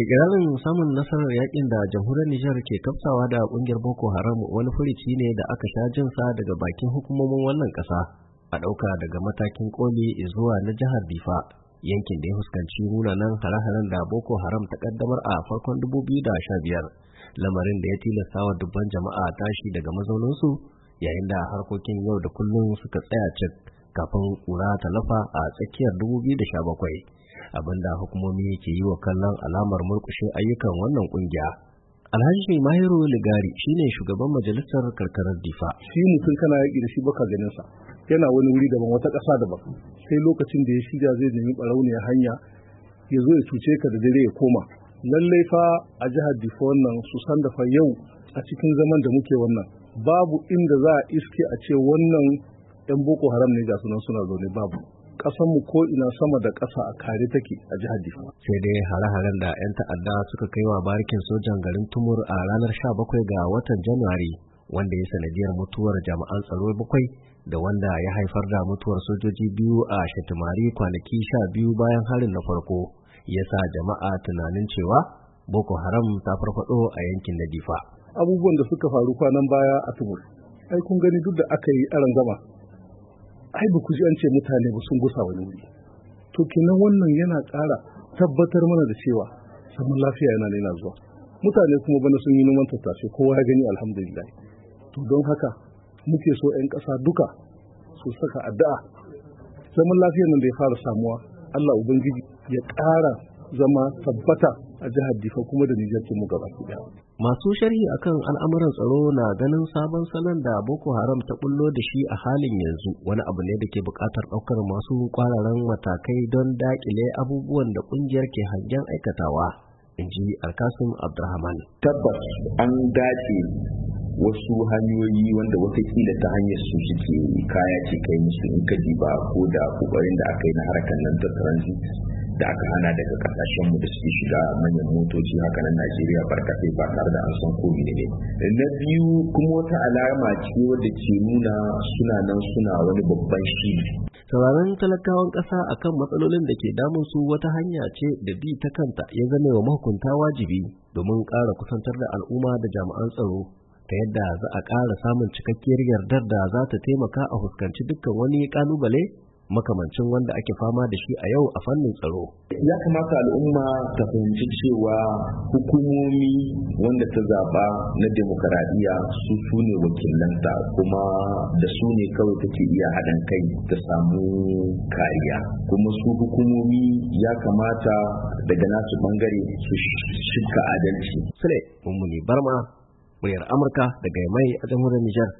Igirarin samun nasarar yakin da jamhuriyar Nijar ke kafsawa da kungiyar Boko Haram wani furici ne da aka sha jinsa daga bakin hukumomin wannan ƙasa a ɗauka daga matakin koli zuwa na jihar Bifa yankin da ya fuskanci munanan hare-haren da Boko Haram ta kaddamar a farkon 2015 lamarin da ya tilastawa dubban jama'a tashi daga mazauninsu yayin da harkokin yau da kullum suka tsaya cik kafin ƙura lafa a tsakiyar 2017. abinda hukumomi ke yi wa kallon alamar murƙushin ayyukan wannan kungiya alhaji mahiru ligari shine shugaban majalisar karkarar difa shi mutum kana yaƙi da shi baka ganin sa yana wani wuri daban wata ƙasa daban sai lokacin da ya shiga zai nemi barauniyar hanya ya zo ya cuce ka da dare ya koma lallai fa a jihar difa wannan su san da fa yau a cikin zaman da muke wannan babu inda za a iske a ce wannan 'yan boko haram ne ga sunan suna zaune babu ƙasanmu ko ina sama da ƙasa a kare take a jihar Difa. Sai dai hare-haren da 'yan ta'adda suka kai wa barikin sojan garin Tumur a ranar 17 ga watan Januari wanda ya sanadiyar mutuwar jami'an tsaro bakwai da wanda ya haifar da mutuwar sojoji biyu a Shatimari kwanaki sha biyu bayan harin na farko ya sa jama'a tunanin cewa Boko Haram ta farfado a yankin na Difa. Abubuwan da suka faru kwanan baya a Tumur. Ai kun gani duk da aka yi aran gaba ai ba ku ji an ce mutane ba sun gusa wani wuri to kenan wannan yana ƙara tabbatar mana da cewa zaman lafiya yana nuna zuwa mutane kuma bana sun yi noman tattashe kowa ya gani alhamdulillah to don haka muke so 'yan ƙasa duka su saka addu'a zaman lafiyar nan da ya fara samuwa Allah Ubangiji ya ƙara zama tabbata a jihar Difa kuma da Nijar mu gaba daya. Masu sharhi akan al'amuran tsaro na ganin sabon salon da Boko Haram ta bullo da shi a halin yanzu wani abu ne da ke buƙatar ɗaukar masu kwararan matakai don daƙile abubuwan da ƙungiyar ke hangen aikatawa. In ji Alkasim Abdulrahman. Tabbas an dace. wasu hanyoyi wanda watakila ta hanyar su suke kaya ce kai musu in ka ba ko da kokarin da aka yi na harkar nan ta transit da aka hana daga kasashen mu da suke shiga manyan motoci haka nan Najeriya sai ba tare da an san ko ne na biyu kuma wata alama ce wadda ke nuna suna nan suna wani babban shiri sauraron talakawan ƙasa akan matsalolin da ke damun su wata hanya ce da bi ta kanta ya zame wa mahukunta wajibi domin ƙara kusantar da al'umma da jami'an tsaro ta yadda za a ƙara samun cikakkiyar yardar da za ta taimaka a fuskanci dukkan wani ƙalubale makamancin wanda ake fama da shi a yau a fannin tsaro. Ya kamata al'umma ta fahimci cewa hukumomi wanda ta zaɓa na demokaradiyya su su ne wakilanta kuma da su ne kawai take iya haɗin kai ta samu kariya. Kuma su hukumomi ya kamata daga nasu bangare su shirka adalci. Sule, Barma, muryar Amurka daga mai a jamhuriyar Nijar.